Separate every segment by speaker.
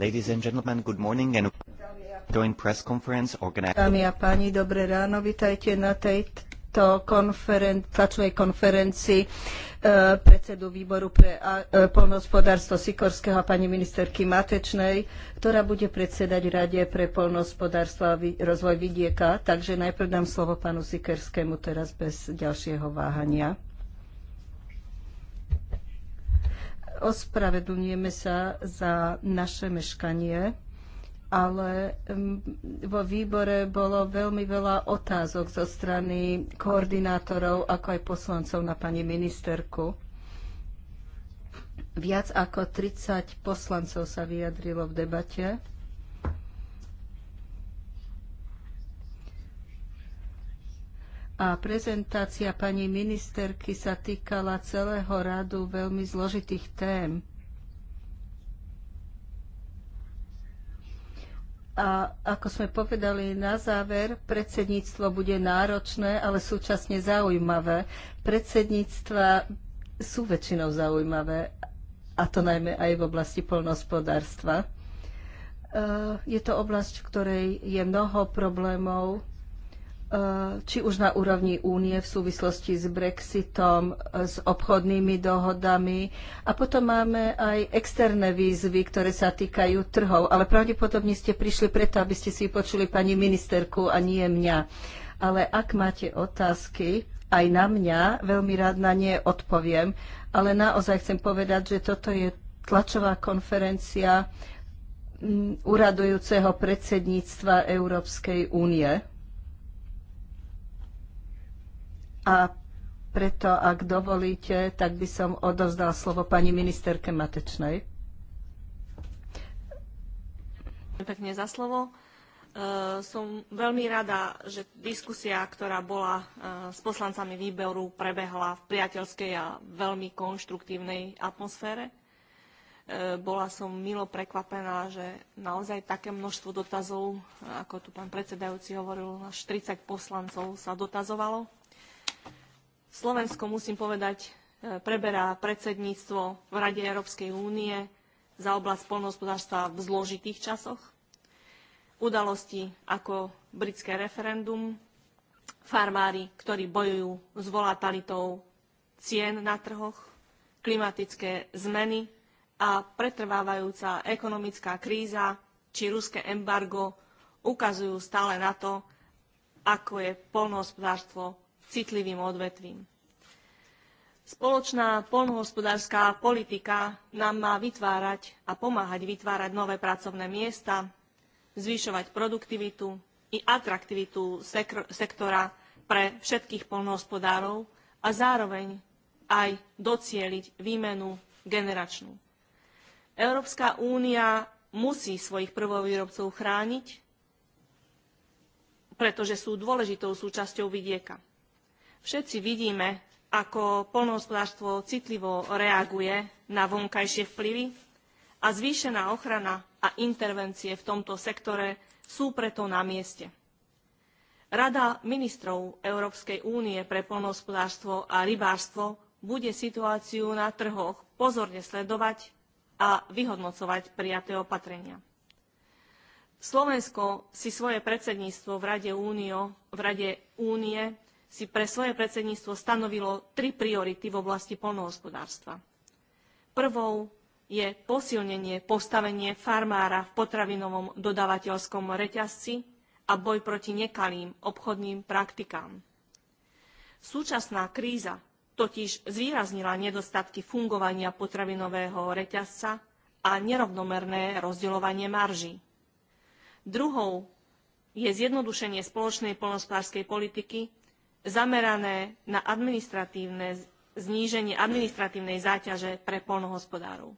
Speaker 1: Ladies and gentlemen, good morning and joint press conference organized... Dámy
Speaker 2: a páni, dobré ráno, vitajte na tejto konferen- tlačovej konferencii eh, predsedu výboru pre eh, poľnohospodárstvo polnohospodárstvo Sikorského a pani ministerky Matečnej, ktorá bude predsedať Rade pre polnohospodárstvo a vý- rozvoj vidieka. Takže najprv dám slovo pánu Sikerskému teraz bez ďalšieho váhania. Ospravedlňujeme sa za naše meškanie, ale vo výbore bolo veľmi veľa otázok zo strany koordinátorov, ako aj poslancov na pani ministerku. Viac ako 30 poslancov sa vyjadrilo v debate A prezentácia pani ministerky sa týkala celého radu veľmi zložitých tém. A ako sme povedali na záver, predsedníctvo bude náročné, ale súčasne zaujímavé. Predsedníctva sú väčšinou zaujímavé, a to najmä aj v oblasti polnospodárstva. E, je to oblasť, v ktorej je mnoho problémov, Eh, či už na úrovni únie v súvislosti s Brexitom, eh, s obchodnými dohodami. A potom máme aj externé výzvy, ktoré sa týkajú trhov. Ale pravdepodobne ste prišli preto, aby ste si počuli pani ministerku a nie mňa. Ale ak máte otázky, aj na mňa, veľmi rád na nie odpoviem. Ale naozaj chcem povedať, že toto je tlačová konferencia mm, uradujúceho predsedníctva Európskej únie A preto, ak dovolíte, tak by som odovzdal slovo pani ministerke Matečnej.
Speaker 3: Pekne za slovo. E, som veľmi rada, že diskusia, ktorá bola e, s poslancami výberu, prebehla v priateľskej a veľmi konštruktívnej atmosfére. E, bola som milo prekvapená, že naozaj také množstvo dotazov, ako tu pán predsedajúci hovoril, až 30 poslancov sa dotazovalo Slovensko, musím povedať, e, preberá predsedníctvo v Rade Európskej únie za oblasť poľnohospodárstva v zložitých časoch. Udalosti ako britské referendum, farmári, ktorí bojujú s volatilitou cien na trhoch, klimatické zmeny a pretrvávajúca ekonomická kríza či ruské embargo ukazujú stále na to, ako je poľnohospodárstvo citlivým odvetvím. Spoločná poľnohospodárska politika nám má vytvárať a pomáhať vytvárať nové pracovné miesta, zvyšovať produktivitu i atraktivitu sektora pre všetkých poľnohospodárov a zároveň aj docieliť výmenu generačnú. Európska únia musí svojich prvovýrobcov chrániť, pretože sú dôležitou súčasťou vidieka. Všetci vidíme, ako poľnohospodárstvo citlivo reaguje na vonkajšie vplyvy a zvýšená ochrana a intervencie v tomto sektore sú preto na mieste. Rada ministrov Európskej únie pre poľnohospodárstvo a rybárstvo bude situáciu na trhoch pozorne sledovať a vyhodnocovať prijaté opatrenia. Slovensko si svoje predsedníctvo v Rade, Únio, v Rade únie si pre svoje predsedníctvo stanovilo tri priority v oblasti poľnohospodárstva. Prvou je posilnenie postavenie farmára v potravinovom dodávateľskom reťazci a boj proti nekalým obchodným praktikám. Súčasná kríza totiž zvýraznila nedostatky fungovania potravinového reťazca a nerovnomerné rozdeľovanie marží. Druhou je zjednodušenie spoločnej poľnohospodárskej politiky zamerané na administratívne zníženie administratívnej záťaže pre poľnohospodárov.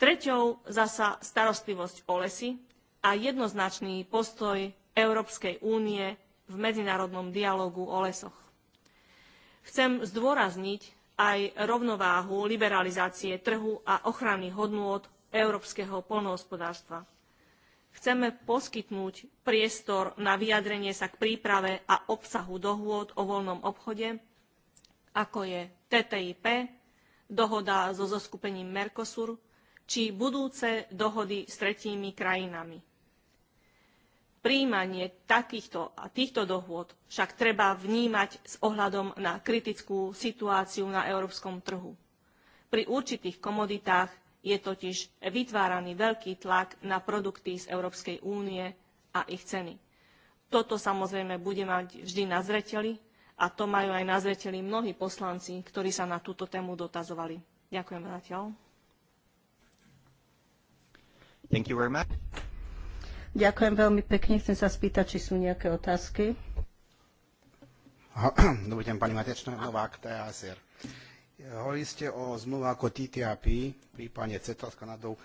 Speaker 3: Treťou zasa starostlivosť o lesy a jednoznačný postoj Európskej únie v medzinárodnom dialogu o lesoch. Chcem zdôrazniť aj rovnováhu liberalizácie trhu a ochrany hodnôt európskeho poľnohospodárstva chceme poskytnúť priestor na vyjadrenie sa k príprave a obsahu dohôd o voľnom obchode, ako je TTIP, dohoda so zoskupením Mercosur či budúce dohody s tretími krajinami. Príjmanie takýchto a týchto dohôd však treba vnímať s ohľadom na kritickú situáciu na európskom trhu. Pri určitých komoditách je totiž vytváraný veľký tlak na produkty z Európskej únie a ich ceny. Toto samozrejme bude mať vždy na zreteli a to majú aj na zreteli mnohí poslanci, ktorí sa na túto tému dotazovali. Ďakujem zatiaľ.
Speaker 2: Ďakujem veľmi pekne. Chcem sa spýtať, či sú nejaké otázky.
Speaker 1: Dobrý deň, pani Matečná, Novák, TASR. Hovorili ste o zmluve ako TTIP, prípadne CETA s Kanadou. E,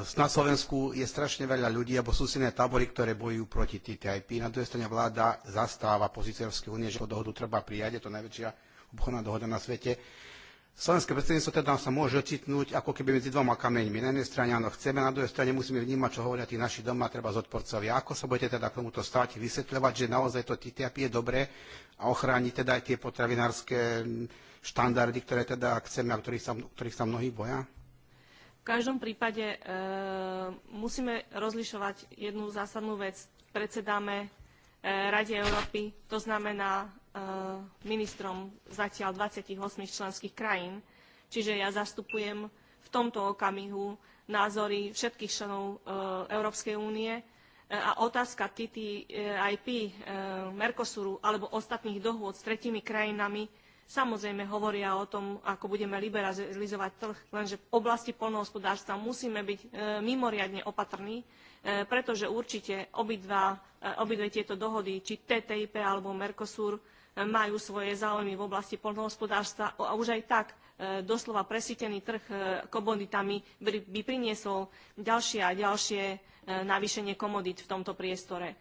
Speaker 1: na Slovensku je strašne veľa ľudí, alebo sú silné tábory, ktoré bojujú proti TTIP. Na druhej strane vláda zastáva pozíciu Európskej únie, že dohodu treba prijať, je to najväčšia obchodná dohoda na svete. Slovenské predsedníctvo teda sa môže ocitnúť ako keby medzi dvoma kameňmi. Na jednej strane áno chceme, na druhej strane musíme vnímať, čo hovoria tí naši doma, treba zodporcovia. Ako sa budete teda k tomuto stáť vysvetľovať, že naozaj to TTIP je dobré a ochráni teda aj tie potravinárske mm, štandardy, ktoré teda chceme a ktorých sa, ktorých sa mnohí boja?
Speaker 3: V každom prípade e, musíme rozlišovať jednu zásadnú vec. Predsedáme e, Rade Európy, to znamená, E, ministrom zatiaľ 28 členských krajín, čiže ja zastupujem v tomto okamihu názory všetkých členov e, Európskej únie e, a otázka TTIP, Mercosuru alebo ostatných dohôd s tretimi krajinami samozrejme hovoria o tom, ako budeme liberalizovať trh, lenže v oblasti poľnohospodárstva musíme byť mimoriadne opatrní, pretože určite obidva, obidve tieto dohody, či TTIP alebo Mercosur, majú svoje záujmy v oblasti poľnohospodárstva a už aj tak e, doslova presýtený trh e, komoditami by priniesol ďalšie a ďalšie e, navýšenie komodít v tomto priestore.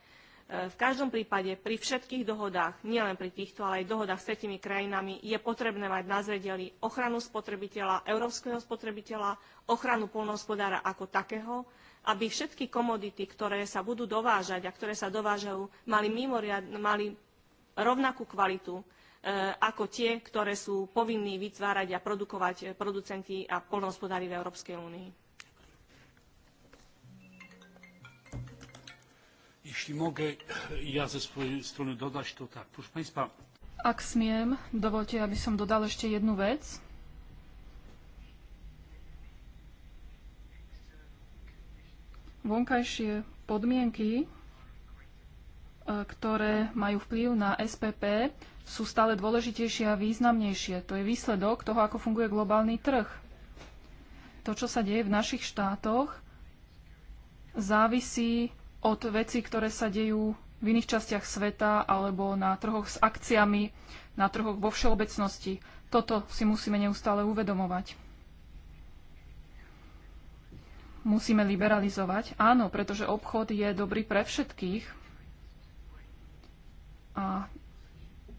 Speaker 3: V každom prípade pri všetkých dohodách, nielen pri týchto, ale aj dohodách s tretimi krajinami, je potrebné mať na zredeli ochranu spotrebiteľa, európskeho spotrebiteľa, ochranu poľnohospodára ako takého, aby všetky komodity, ktoré sa budú dovážať a ktoré sa dovážajú, mali, mimoriad, mali rovnakú kvalitu e, ako tie, ktoré sú povinní vytvárať a produkovať producenti a poľnohospodári v Európskej únii.
Speaker 1: ja ze to tak. Ak smiem, dovolte, aby som dodal ešte jednu vec. Vonkajšie podmienky E, ktoré majú vplyv na SPP, sú stále dôležitejšie a významnejšie. To je výsledok toho, ako funguje globálny trh. To, čo sa deje v našich štátoch, závisí od vecí, ktoré sa dejú v iných častiach sveta alebo na trhoch s akciami, na trhoch vo všeobecnosti. Toto si musíme neustále uvedomovať. Musíme liberalizovať. Áno, pretože obchod je dobrý pre všetkých, a,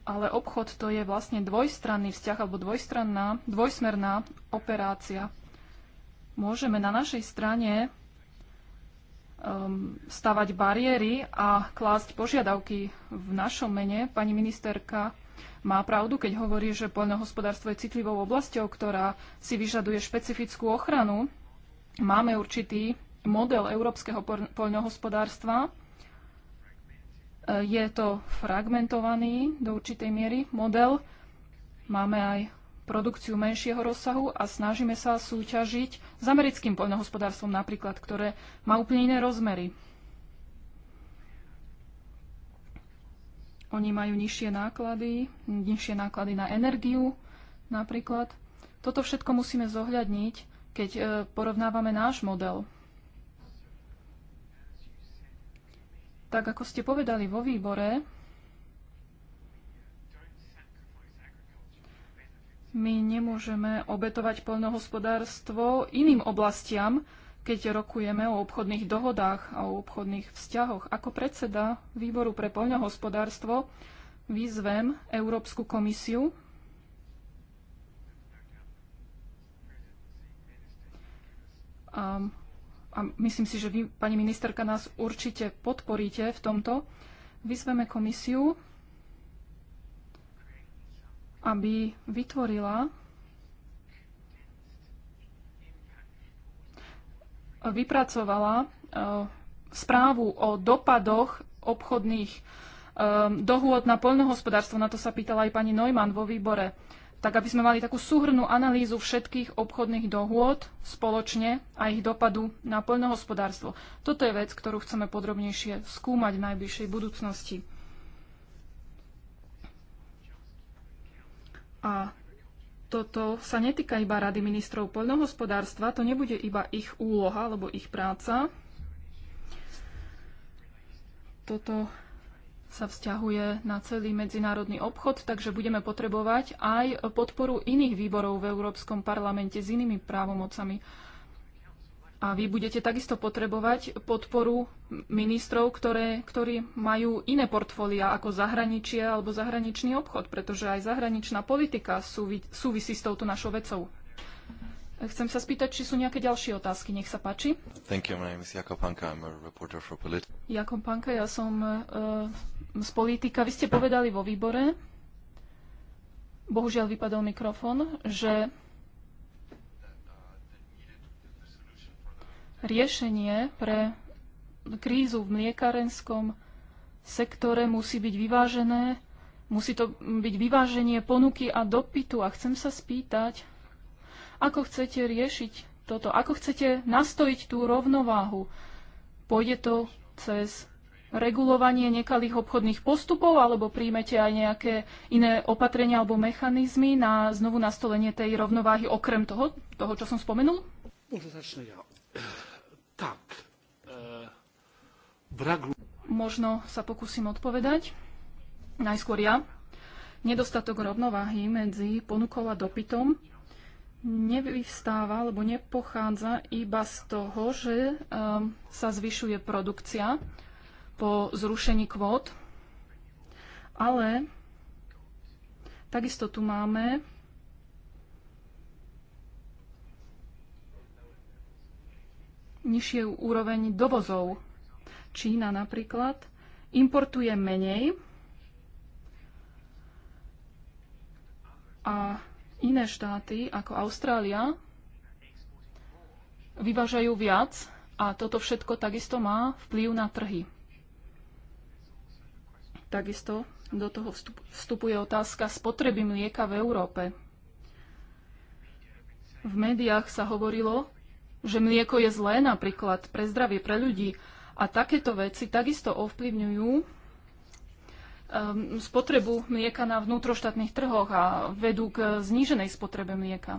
Speaker 1: ale obchod to je vlastne dvojstranný vzťah alebo dvojstranná, dvojsmerná operácia. Môžeme na našej strane um, stavať bariéry a klásť požiadavky v našom mene. Pani ministerka má pravdu, keď hovorí, že poľnohospodárstvo je citlivou oblasťou, ktorá si vyžaduje špecifickú ochranu. Máme určitý model európskeho poľnohospodárstva, E, je to fragmentovaný do určitej miery model. Máme aj produkciu menšieho rozsahu a snažíme sa súťažiť s americkým poľnohospodárstvom napríklad, ktoré má úplne iné rozmery. Oni majú nižšie náklady, nižšie náklady na energiu napríklad. Toto všetko musíme zohľadniť, keď e, porovnávame náš model tak ako ste povedali vo výbore, my nemôžeme obetovať poľnohospodárstvo iným oblastiam, keď rokujeme o obchodných dohodách a o obchodných vzťahoch. Ako predseda výboru pre poľnohospodárstvo vyzvem Európsku komisiu, a a myslím si, že vy, pani ministerka, nás určite podporíte v tomto, vyzveme komisiu, aby vytvorila vypracovala e, správu o dopadoch obchodných e, dohôd na poľnohospodárstvo. Na to sa pýtala aj pani Neumann vo výbore tak aby sme mali takú súhrnú analýzu všetkých obchodných dohôd spoločne a ich dopadu na poľnohospodárstvo. Toto je vec, ktorú chceme podrobnejšie skúmať v najbližšej budúcnosti. A toto sa netýka iba Rady ministrov poľnohospodárstva, to nebude iba ich úloha alebo ich práca. Toto sa vzťahuje na celý medzinárodný obchod, takže budeme potrebovať aj podporu iných výborov v Európskom parlamente s inými právomocami. A vy budete takisto potrebovať podporu ministrov, ktoré, ktorí majú iné portfólia ako zahraničie alebo zahraničný obchod, pretože aj zahraničná politika súvi, súvisí s touto našou vecou. Chcem sa spýtať, či sú nejaké ďalšie otázky. Nech sa páči.
Speaker 2: Thank you, my name is Jakob Panka, I'm a reporter for Polit.
Speaker 1: Jakob Panka, ja som uh, z politika. Vy ste povedali vo výbore, bohužiaľ vypadol mikrofón, že riešenie pre krízu v mliekarenskom sektore musí byť vyvážené, musí to byť vyváženie ponuky a dopytu. A chcem sa spýtať, ako chcete riešiť toto? Ako chcete nastojiť tú rovnováhu? Pôjde to cez regulovanie nekalých obchodných postupov alebo príjmete aj nejaké iné opatrenia alebo mechanizmy na znovu nastolenie tej rovnováhy okrem toho, toho čo som spomenul? Možno začne ja. Tak. E, brak... Možno sa pokúsim odpovedať. Najskôr ja. Nedostatok rovnováhy medzi ponukou a dopytom nevyvstáva alebo nepochádza iba z toho, že um, sa zvyšuje produkcia po zrušení kvót, ale takisto tu máme nižšie úroveň dovozov. Čína napríklad importuje menej a Iné štáty ako Austrália vyvážajú viac a toto všetko takisto má vplyv na trhy. Takisto do toho vstupuje otázka spotreby mlieka v Európe. V médiách sa hovorilo, že mlieko je zlé napríklad pre zdravie, pre ľudí a takéto veci takisto ovplyvňujú Um, spotrebu mlieka na vnútroštátnych trhoch a vedú k zníženej spotrebe mlieka.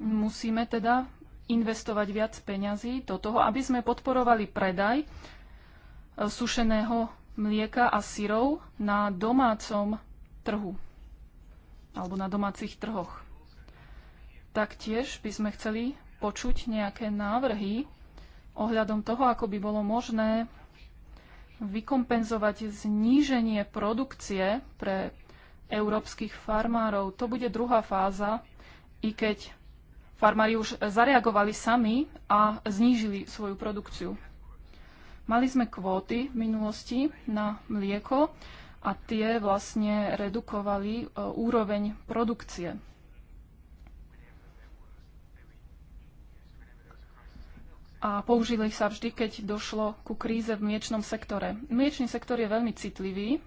Speaker 1: Musíme teda investovať viac peňazí do toho, aby sme podporovali predaj uh, sušeného mlieka a syrov na domácom trhu alebo na domácich trhoch. Taktiež by sme chceli počuť nejaké návrhy ohľadom toho, ako by bolo možné vykompenzovať zníženie produkcie pre európskych farmárov. To bude druhá fáza, i keď farmári už zareagovali sami a znížili svoju produkciu. Mali sme kvóty v minulosti na mlieko a tie vlastne redukovali e, úroveň produkcie a použili sa vždy, keď došlo ku kríze v mliečnom sektore. Mliečný sektor je veľmi citlivý.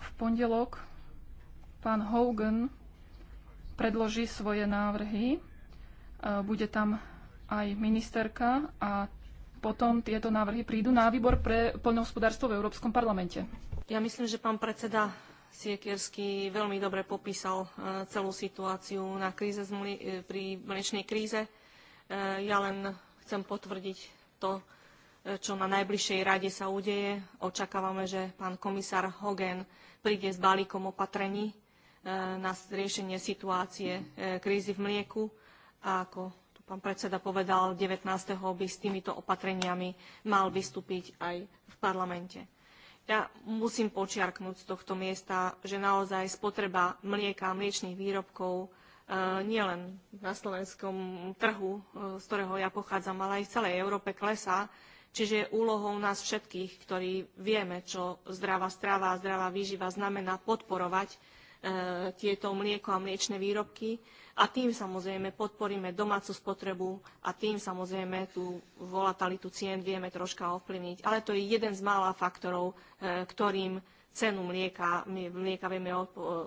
Speaker 1: V pondelok pán Hogan predloží svoje návrhy. Bude tam aj ministerka a potom tieto návrhy prídu na výbor pre poľnohospodárstvo v Európskom parlamente. Ja myslím, že pán predseda Siekierský
Speaker 3: veľmi dobre popísal e, celú situáciu na kríze e, pri mliečnej kríze. E, ja len chcem potvrdiť to, čo na najbližšej rade sa udeje. Očakávame, že pán komisár Hogan príde s balíkom opatrení na riešenie situácie krízy v mlieku a ako pán predseda povedal, 19. by s týmito opatreniami mal vystúpiť aj v parlamente. Ja musím počiarknúť z tohto miesta, že naozaj spotreba mlieka a mliečných výrobkov e, nielen na slovenskom trhu, e, z ktorého ja pochádzam, ale aj v celej Európe klesá. Čiže je úlohou nás všetkých, ktorí vieme, čo zdravá strava a zdravá výživa znamená podporovať E, tieto mlieko a mliečne výrobky a tým samozrejme podporíme domácu spotrebu a tým samozrejme tú volatilitu cien vieme troška ovplyvniť. Ale to je jeden z mála faktorov, e, ktorým cenu mlieka. My mlieka vieme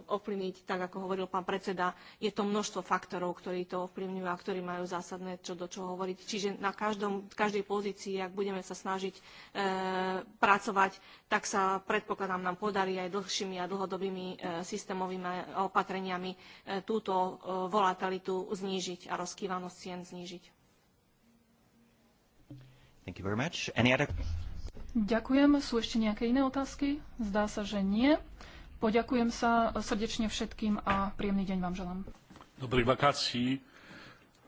Speaker 3: ovplyvniť, tak ako hovoril pán predseda, je to množstvo faktorov, ktorí to ovplyvňujú a ktorí majú zásadné čo do čoho hovoriť. Čiže na každom, každej pozícii, ak budeme sa snažiť e, pracovať, tak sa predpokladám nám podarí aj dlhšími a dlhodobými e, systémovými opatreniami e, túto e, volatilitu znížiť a rozkývanosť
Speaker 1: cien znížiť.
Speaker 3: Thank you very much. Any other
Speaker 1: Ďakujem. Sú ešte nejaké iné otázky? Zdá sa, že nie. Poďakujem sa srdečne všetkým a príjemný deň vám želám. Dobrých vakácií,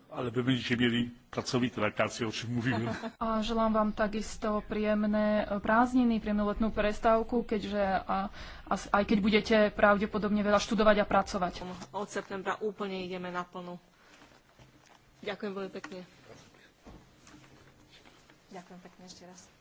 Speaker 1: ale by budete mieli pracovité vakácie, o čom mluvím. A želám vám takisto príjemné prázdniny, príjemnú letnú prestávku, keďže a, a, aj keď budete pravdepodobne veľa študovať a pracovať.
Speaker 3: Od septembra úplne ideme naplno.
Speaker 2: Ďakujem veľmi pekne. Ďakujem pekne ešte raz.